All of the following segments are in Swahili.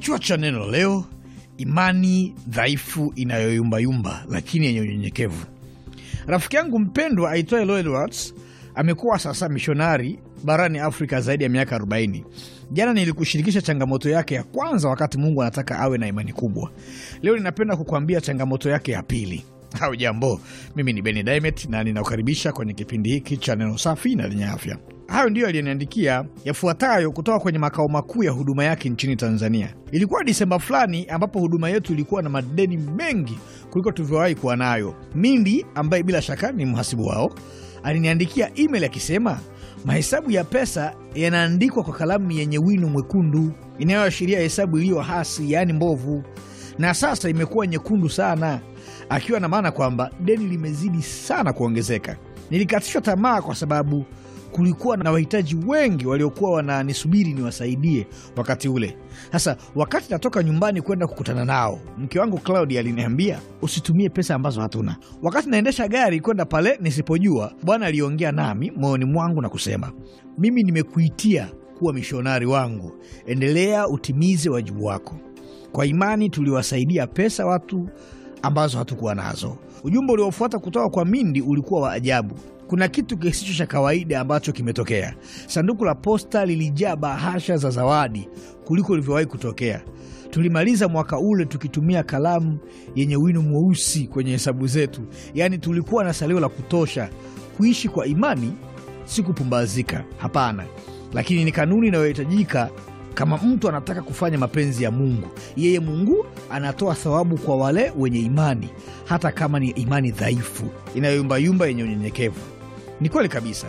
Kichwa cha neno leo: imani dhaifu inayoyumbayumba lakini yenye unyenyekevu. Rafiki yangu mpendwa aitwaye Roy Edwards amekuwa sasa mishonari barani Afrika zaidi ya miaka 40. Jana nilikushirikisha changamoto yake ya kwanza, wakati Mungu anataka awe na imani kubwa. Leo ninapenda kukuambia changamoto yake ya pili. Hau jambo, mimi ni Beni Dimet na ninakukaribisha kwenye kipindi hiki cha neno safi na lenye afya. Hayo ndiyo aliyeniandikia yafuatayo kutoka kwenye makao makuu ya huduma yake nchini Tanzania. Ilikuwa Disemba fulani ambapo huduma yetu ilikuwa na madeni mengi kuliko tulivyowahi kuwa nayo. Mindi ambaye bila shaka ni mhasibu wao aliniandikia email akisema mahesabu ya pesa yanaandikwa kwa kalamu yenye wino mwekundu inayoashiria hesabu iliyo hasi, yaani mbovu, na sasa imekuwa nyekundu sana, akiwa na maana kwamba deni limezidi sana kuongezeka. Nilikatishwa tamaa kwa sababu kulikuwa na wahitaji wengi waliokuwa wananisubiri niwasaidie wakati ule. Sasa wakati natoka nyumbani kwenda kukutana nao, mke wangu Claudia aliniambia usitumie pesa ambazo hatuna. Wakati naendesha gari kwenda pale nisipojua, Bwana aliongea nami moyoni mwangu na kusema, mimi nimekuitia kuwa mishonari wangu, endelea utimize wajibu wako. Kwa imani tuliwasaidia pesa watu ambazo hatukuwa nazo. Ujumbe uliofuata kutoka kwa Mindi ulikuwa wa ajabu kuna kitu kisicho cha kawaida ambacho kimetokea. Sanduku la posta lilijaa bahasha za zawadi kuliko ilivyowahi kutokea. Tulimaliza mwaka ule tukitumia kalamu yenye wino mweusi kwenye hesabu zetu, yaani tulikuwa na salio la kutosha. Kuishi kwa imani si kupumbazika, hapana, lakini ni kanuni inayohitajika kama mtu anataka kufanya mapenzi ya Mungu. Yeye Mungu anatoa thawabu kwa wale wenye imani, hata kama ni imani dhaifu, inayoyumbayumba, yenye unyenyekevu. Ni kweli kabisa,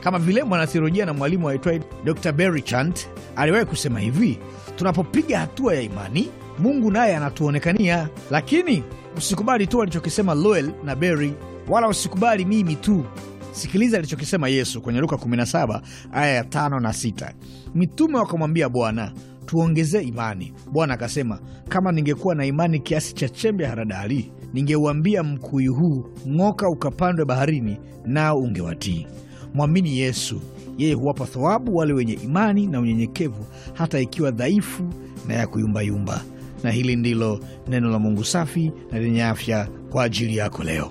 kama vile mwanathiolojia na mwalimu aitwaye Dr Barry Chant aliwahi kusema hivi, tunapopiga hatua ya imani, Mungu naye anatuonekania. Lakini usikubali tu alichokisema Lowell na Barry, wala usikubali mimi tu. Sikiliza alichokisema Yesu kwenye Luka 17 aya ya 5 na 6. Mitume wakamwambia Bwana, tuongezee imani. Bwana akasema, kama ningekuwa na imani kiasi cha chembe haradali, ningeuambia mkuyu huu ng'oka ukapandwe baharini, nao ungewatii. Mwamini Yesu, yeye huwapa thawabu wale wenye imani na unyenyekevu, hata ikiwa dhaifu na ya kuyumbayumba. Na hili ndilo neno la Mungu safi na lenye afya kwa ajili yako leo.